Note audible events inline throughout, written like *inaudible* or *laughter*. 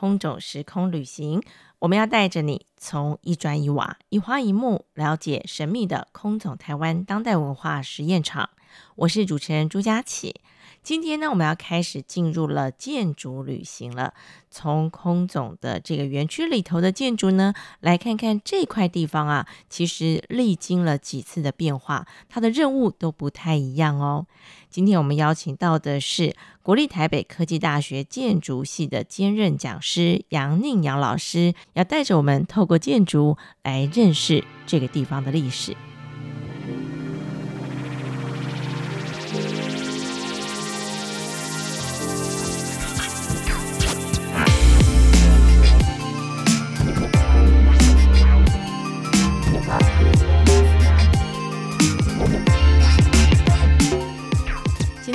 空總時空旅行，我們要帶着你從一磚一瓦、一花一木，了解神祕的空總臺灣當代文化實驗場。我是主持人朱佳琪。今天呢，我們要開始進入了建築旅行了。從空總的這個園區裡頭的建築呢，來看看這塊地方啊，其實歷經了幾次的變化，它的任務都不太一樣哦。今天我們邀請到的是國立台北科技大學建築系的兼任講師楊寧陽老師，要帶着我們透過建築來認識這個地方的歷史。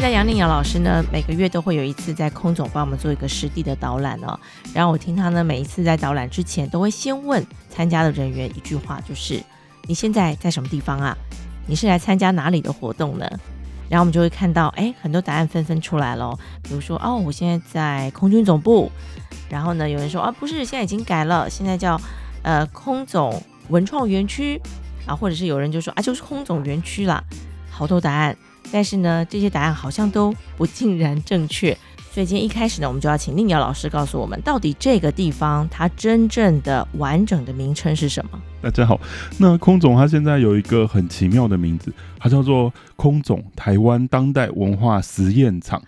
在楊麗瑤老師呢，每個月都會有一次在空總幫我們做一個實地的導覽哦。然後我聽他呢，每一次在導覽之前都會先問參加的人員一句話，就是“你現在在什麼地方啊？你是來參加哪裡的活動呢？”然後我們就會看到，誒，很多答案紛紛出來了。比如說，哦，我現在在空軍總部。然後呢，有人說，啊，不是，現在已經改了，現在叫呃空總文創園區。啊，或者是有人就說，啊，就是空總園區啦。好多答案。但是呢，這些答案好像都不盡然正確。所以今天一開始呢，我們就要請寧瑤老師告訴我們，到底這個地方它真正的完整的名稱是什麼？大家好，那空總他現在有一個很奇妙的名字，它叫做空總台灣當代文化實驗場。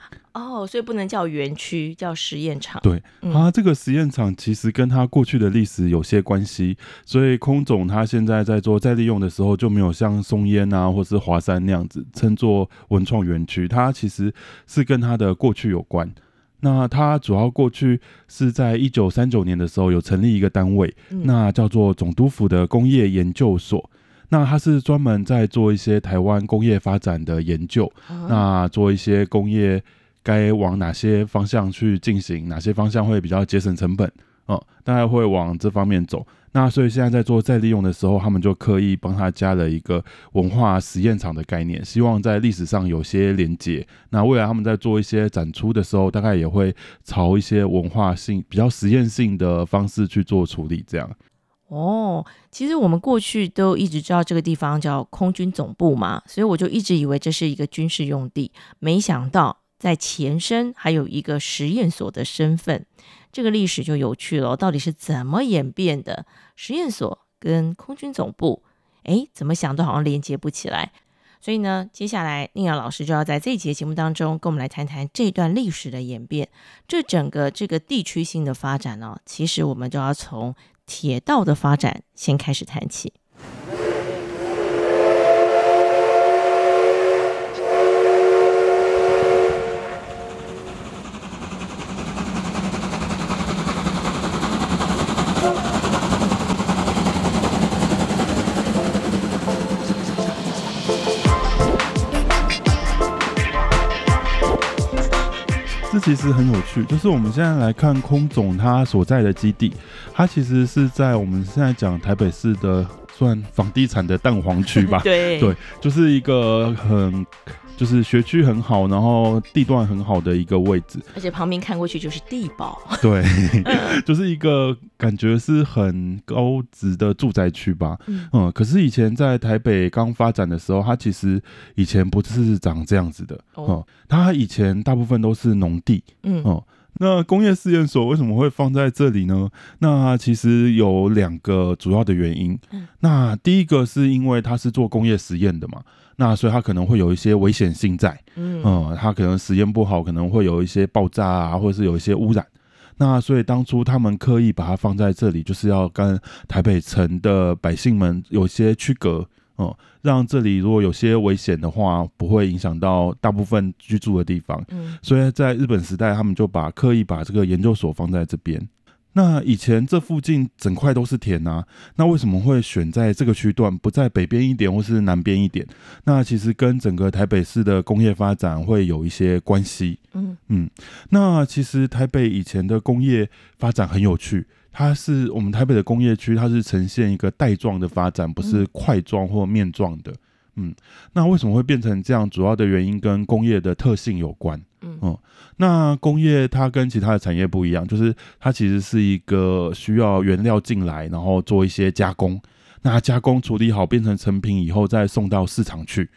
所以不能叫園區，叫實驗場。對，它這個實驗場，其實跟它過去的歷史有些關係。所以空總他現在在做，在利用的時候，就沒有像松煙啊，或是華山那樣子稱作文創園區。它其實是跟它的過去有關。那它主要過去是在一九三九年的時候有成立一個單位，那叫做總督府的工業研究所。那它是專門在做一些台灣工業發展的研究，那做一些工業。該往哪些方向去進行？哪些方向會比較節省成本？嗯、呃，大概會往這方面走。那所以現在在做再利用的時候，他們就刻意幫他加了一個文化實驗場的概念，希望在歷史上有些連接。那未來他們在做一些展出的時候，大概也會朝一些文化性、比較實驗性的方式去做處理。這樣哦，其實我們過去都一直知道這個地方叫空軍總部嘛，所以我就一直以為這是一個軍事用地，沒想到。在前身還有一個實驗所的身份，這個歷史就有趣了，到底是怎麼演變的？實驗所跟空軍總部，哎，怎麼想都好像連接不起來。所以呢，接下來寧陽老師就要在這一節節目當中跟我們來談談這段歷史的演變。這整個這個地區性的發展呢，啊，其實我們就要從鐵道的發展先開始談起。這其實很有趣，就是我們現在來看空總他所在的基地，他其實是在我們現在講台北市的，算房地產的蛋黃區吧 *laughs* 對，對對，就是一個很就是學區很好，然後地段很好的一個位置，而且旁邊看過去就是地堡， *laughs* 對，就是一個感覺是很高級的住宅區吧，嗯，嗯可是以前在台北剛發展的時候，它其實以前不是長這樣子的，嗯、哦，它以前大部分都是農地，嗯，嗯。那工業試驗所為什麼會放在這裡呢？那其實有兩個主要的原因。嗯，那第一個是因為它是做工業實驗的嘛，那所以它可能會有一些危險性在。嗯，它、嗯、可能實驗不好，可能會有一些爆炸啊，或者是有一些污染。那所以當初他們刻意把它放在這裡，就是要跟台北城的百姓們有些區隔。哦、嗯，讓這裡如果有些危險的話，不會影響到大部分居住的地方。嗯，所以在日本時代，他們就把刻意把這個研究所放在這邊。那以前這附近整塊都是田啊，那為什麼會選在這個區段，不在北邊一點或是南邊一點？那其實跟整個台北市的工業發展會有一些關係。嗯嗯，那其實台北以前的工業發展很有趣。它是我們台北的工業區，它是呈現一個帶狀的發展，不是塊狀或面狀的。嗯，嗯，那為什麼會變成這樣？主要的原因跟工業的特性有關。嗯，哦、嗯，那工業它跟其他的產業不一樣，就是它其實是一個需要原料進來，然後做一些加工。那加工處理好變成成品以後，再送到市場去。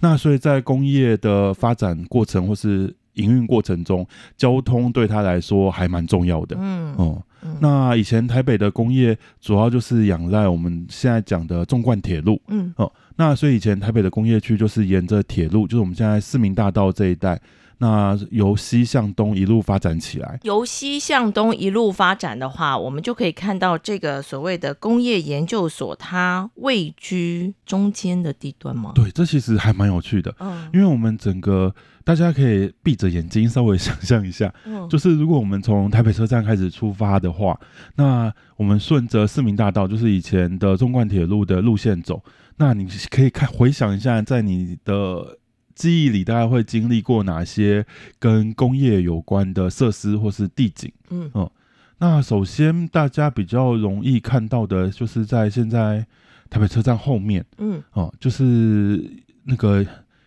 那所以在工業的發展過程或是營運過程中，交通對它來說還蠻重要的。嗯，哦、嗯。嗯、那以前台北的工業主要就是仰賴我們現在講的縱貫鐵路，嗯，哦、呃，那所以以前台北的工業區就是沿着鐵路，就是我們現在市民大道這一帶，那由西向東一路發展起來。由西向東一路發展的話，我們就可以看到這個所謂的工業研究所，它位居中間的地段嗎？對，這其實還蠻有趣的，嗯，因為我們整個大家可以閉着眼睛稍微想象一下，嗯、就是如果我們從台北車站開始出發的的話，那我們順着市民大道，就是以前的縱貫鐵路的路線走。那你可以看回想一下，在你的記憶裡，大概會經歷過哪些跟工業有關的設施或是地景？嗯哦、嗯，那首先大家比較容易看到的就是在現在台北車站後面，嗯哦、嗯，就是那個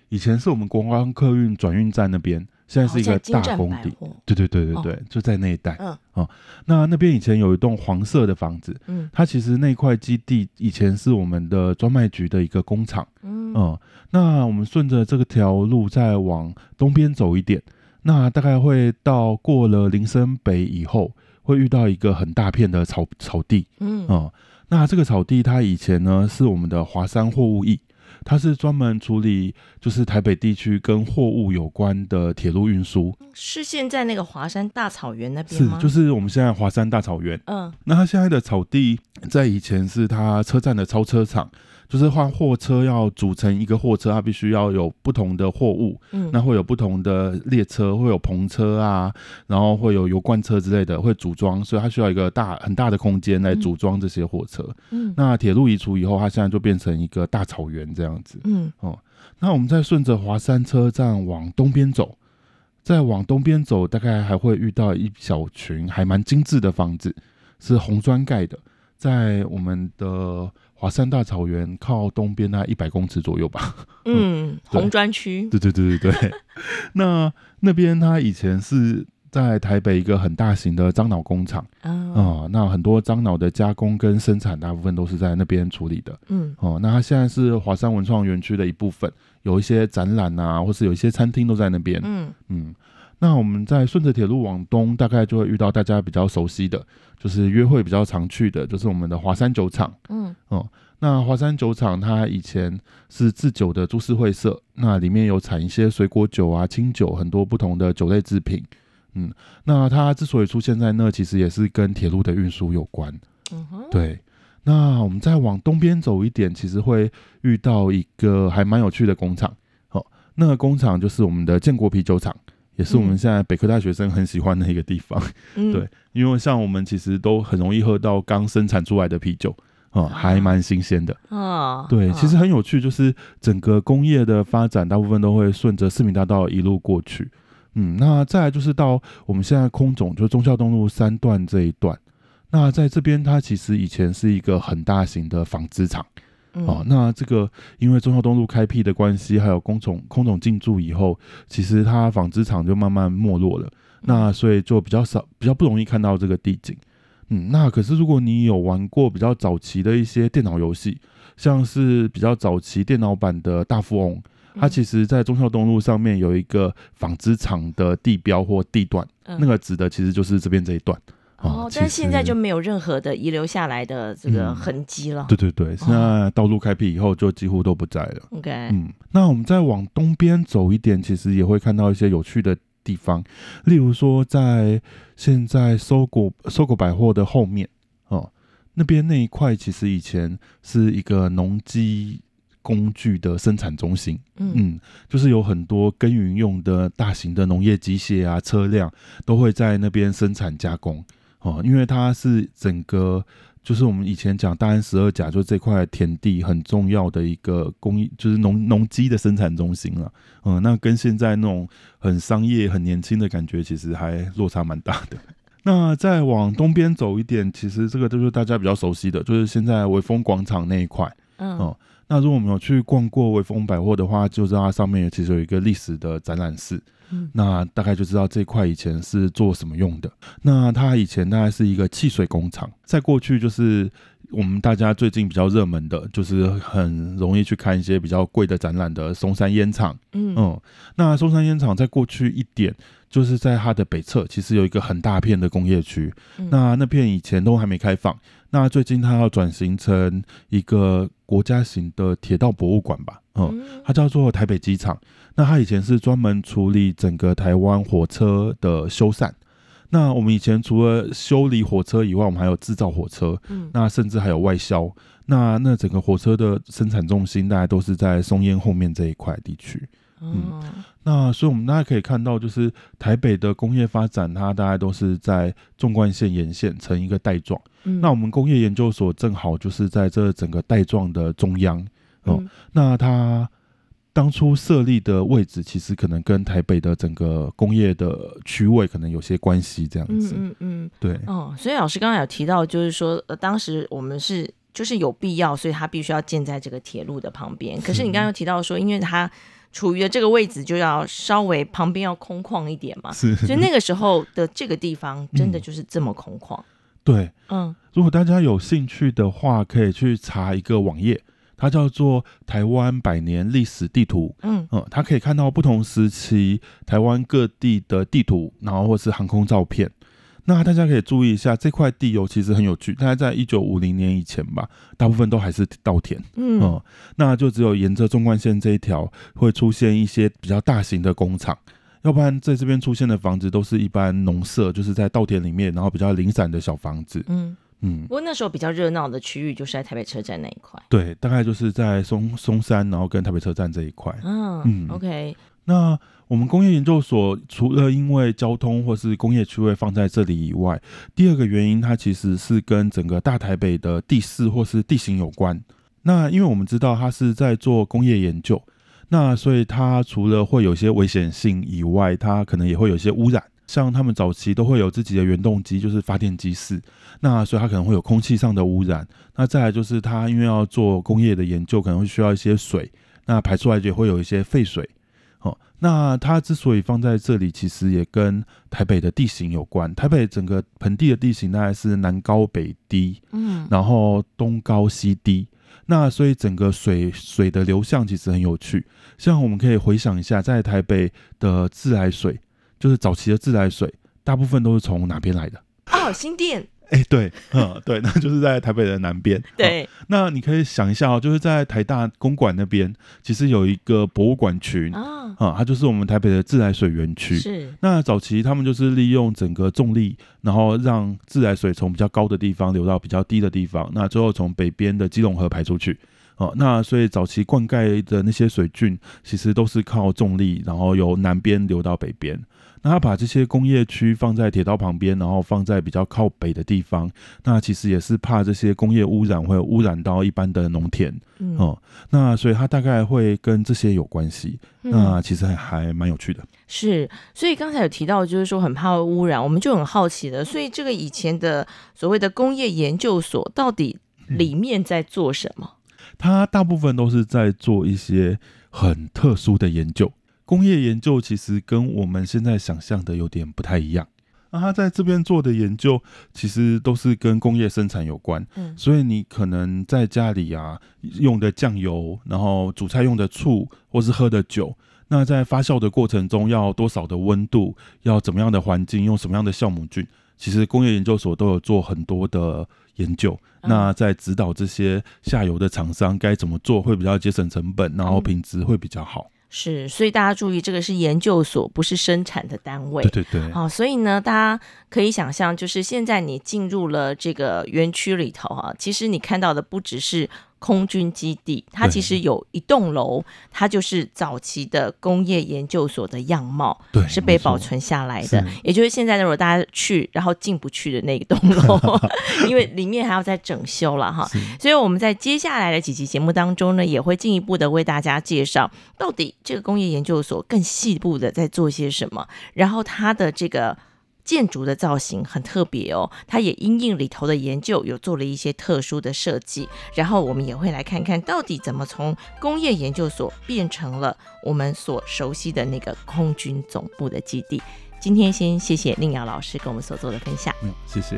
以前是我們國光客運轉運站那邊。現在是一個大工地，對對對對對，對，哦、就在那一帶、哦嗯、那那邊以前有一棟黃色的房子，它其實那塊基地以前是我們的專賣局的一個工廠，嗯，嗯，嗯，那我們順着這個條路再往東邊走一點，那大概會到過了林森北以後，會遇到一個很大片的草草地，嗯，那這個草地它以前呢是我們的華山貨物驛。它是專門處理，就是台北地區跟貨物有關的鐵路運輸，是現在那個華山大草原那邊嗎？是，就是我們現在華山大草原嗯。嗯，那它現在的草地，在以前是它車站的超車場。就是換貨車要組成一個貨車，它必須要有不同的貨物，嗯，那會有不同的列車，會有篷車啊，然後會有油罐車之類的，會組裝，所以它需要一個大很大的空間來組裝這些貨車。嗯，那鐵路移除以後，它現在就變成一個大草原這樣子。嗯哦，那我們再順着華山車站往東邊走，再往東邊走，大概還會遇到一小群還蠻精緻的房子，是紅磚蓋的，在我們的。華山大草原靠東邊啊，一百公尺左右吧。嗯，嗯，紅磚區。對對對對對。 *laughs* 那那邊它以前是在台北一個很大型的樟腦工廠啊、哦嗯，那很多樟腦的加工跟生產大部分都是在那邊處理的。嗯，哦、嗯，那它現在是華山文創園區的一部分，有一些展覽啊，或是有一些餐廳都在那邊。嗯嗯。嗯那我們在順着鐵路往東，大概就會遇到大家比較熟悉的，就是約會比較常去的，就是我們的華山酒廠。嗯，哦，那華山酒廠它以前是製酒的株式會社，那裡面有產一些水果酒啊、清酒，很多不同的酒類制品。嗯，那它之所以出現在那，其實也是跟鐵路的運輸有關。嗯哼，對。那我們再往東邊走一點，其實會遇到一個還蠻有趣的工廠。好，哦，那個工廠就是我們的建國啤酒廠。也是我們現在北科大學生很喜歡的一個地方，嗯、對，因為像我們其實都很容易喝到剛生產出來的啤酒，嗯、啊，還蠻新鮮的，對，啊、其實很有趣，就是整個工業的發展，大部分都會順着市民大道一路過去，嗯，那再來就是到我們現在空總，就是忠孝東路三段這一段，那在這邊它其實以前是一個很大型的紡織廠。哦，那這個因為忠孝東路開闢的關係，還有空總空總進駐以後，其實它紡織廠就慢慢沒落了。那所以就比較少、比較不容易看到這個地景。嗯，那可是如果你有玩過比較早期的一些電腦遊戲，像是比較早期電腦版的《大富翁》，它其實在忠孝東路上面有一個紡織廠的地標或地段，那個指的其實就是這邊這一段。哦，但現在就沒有任何的遺留下來的這個痕跡了，嗯。對對對，那道路開闢以後就幾乎都不在了。OK、哦、嗯，那我們再往東邊走一點，其實也會看到一些有趣的地方，例如說在現在 SOGO、SOGO 百貨的後面哦，那邊那一塊其實以前是一個農機工具的生產中心。嗯，嗯，就是有很多耕耘用的大型的農業機械啊，車輛都會在那邊生產加工。哦，因為它是整個，就是我們以前講大安十二甲，就是這塊田地很重要的一個工藝，就是農農機的生產中心了。嗯，那跟現在那種很商業、很年輕的感覺，其實還落差蠻大的。那再往東邊走一點，其實這個都是大家比較熟悉的，就是現在微風廣場那一塊。嗯，那如果我們有去逛過微風百貨的話，就是它上面其實有一個歷史的展覽室。那大概就知道這塊以前是做什麼用的。那它以前大概是一個汽水工廠。在過去，就是我們大家最近比較熱門的，就是很容易去看一些比較貴的展覽的松山煙廠。嗯，那松山煙廠在過去一點，就是在它的北側，其實有一個很大片的工業區。那那片以前都還沒開放，那最近它要轉型成一個國家型的鐵道博物館吧？嗯，它叫做台北機廠。那他以前是專門處理整個台灣火車的修繕。那我們以前除了修理火車以外，我們還有制造火車，嗯、那甚至還有外銷。那那整個火車的生產重心，大家都是在松菸後面這一塊地區，嗯。哦、那所以，我們大家可以看到，就是台北的工業發展，它大概都是在縱貫線沿線成一個帶狀。嗯、那我們工業研究所正好就是在這整個帶狀的中央。哦、嗯，嗯、那它。當初設立的位置，其實可能跟台北的整個工業的區位可能有些關係，這樣子。嗯嗯，嗯。對。哦，所以老師剛剛有提到，就是說，呃，當時我們是就是有必要，所以它必須要建在這個鐵路的旁邊。是。可是你剛剛有提到說，因為它處於的這個位置，就要稍微旁邊要空曠一點嘛。是。所以那個時候的這個地方，真的就是這麼空曠。嗯。對。嗯。如果大家有興趣的話，可以去查一個網頁。它叫做台灣百年歷史地圖，嗯嗯，嗯，它可以看到不同時期台灣各地的地圖，然後或是航空照片。那大家可以注意一下這塊地有其實很有趣。大概在一九五零年以前吧，大部分都還是稻田，嗯，嗯，那就只有沿着縱貫線這一條會出現一些比較大型的工廠，要不然在這邊出現的房子都是一般農舍，就是在稻田裡面，然後比較零散的小房子，嗯。嗯，不過那時候比較熱鬧的區域就是在台北車站那一塊。對，大概就是在松松山，然後跟台北車站這一塊。啊、嗯，OK。那我們工業研究所除了因為交通或是工業區位放在這裡以外，第二個原因它其實是跟整個大台北的地勢或是地形有關。那因為我們知道它是在做工業研究，那所以它除了會有一些危險性以外，它可能也會有一些污染。像他們早期都會有自己的原動機，就是發電機室。那所以它可能會有空氣上的污染。那再來就是它因為要做工業的研究，可能會需要一些水。那排出來也會有一些廢水。哦，那它之所以放在這裡，其實也跟台北的地形有關。台北整個盆地的地形，大概是南高北低，嗯，然後東高西低。那所以整個水水的流向其實很有趣。像我們可以回想一下，在台北的自來水。就是早期的自來水，大部分都是從哪邊來的？哦，新店。哎、欸，對，嗯，對，那就是在台北的南邊。 *laughs* 對、嗯，那你可以想一下哦，就是在台大公館那邊，其實有一個博物館群啊、哦嗯，它就是我們台北的自來水園區。是，那早期他們就是利用整個重力，然後讓自來水從比較高的地方流到比較低的地方，那最後從北邊的基隆河排出去。哦、嗯，那所以早期灌溉的那些水圳，其實都是靠重力，然後由南邊流到北邊。那他把這些工業區放在鐵道旁邊，然後放在比較靠北的地方，那其實也是怕這些工業污染會污染到一般的農田，嗯，嗯，那所以他大概會跟這些有關係，嗯，那其實還還蠻有趣的。是，所以剛才有提到，就是說很怕污染，我們就很好奇了。所以這個以前的所謂的工業研究所，到底裡面在做什麼？它，嗯，大部分都是在做一些很特殊的研究。工業研究其實跟我們現在想象的有點不太一樣。那他在這邊做的研究，其實都是跟工業生產有關。嗯，所以你可能在家裡啊用的醬油，然後煮菜用的醋，或是喝的酒，那在發酵的過程中要多少的溫度，要怎麼樣的環境，用什麼樣的酵母菌，其實工業研究所都有做很多的研究。那在指導這些下游的廠商該怎麼做會比較節省成本，然後品質會比較好。是，所以大家注意，這個是研究所，不是生產的單位。對對對，哦，所以呢，大家可以想象，就是現在你進入了這個園區裡頭哈，其實你看到的不只是。空軍基地，它其實有一棟樓，對它就是早期的工業研究所的樣貌，對是被保存下來的。是也就是現在的，如果大家去，然後進不去的那一棟樓， *laughs* 因為裡面還要再整修了哈。 *laughs* 所以我們在接下來的幾期節目當中呢，也會進一步的為大家介紹，到底這個工業研究所更細部的在做些什麼，然後它的這個。建築的造型很特別哦，它也因應裡頭的研究，有做了一些特殊的設計。然後我們也會來看看到底怎麼從工業研究所變成了我們所熟悉的那個空軍總部的基地。今天先謝謝令瑤老師跟我們所做的分享，嗯，謝謝。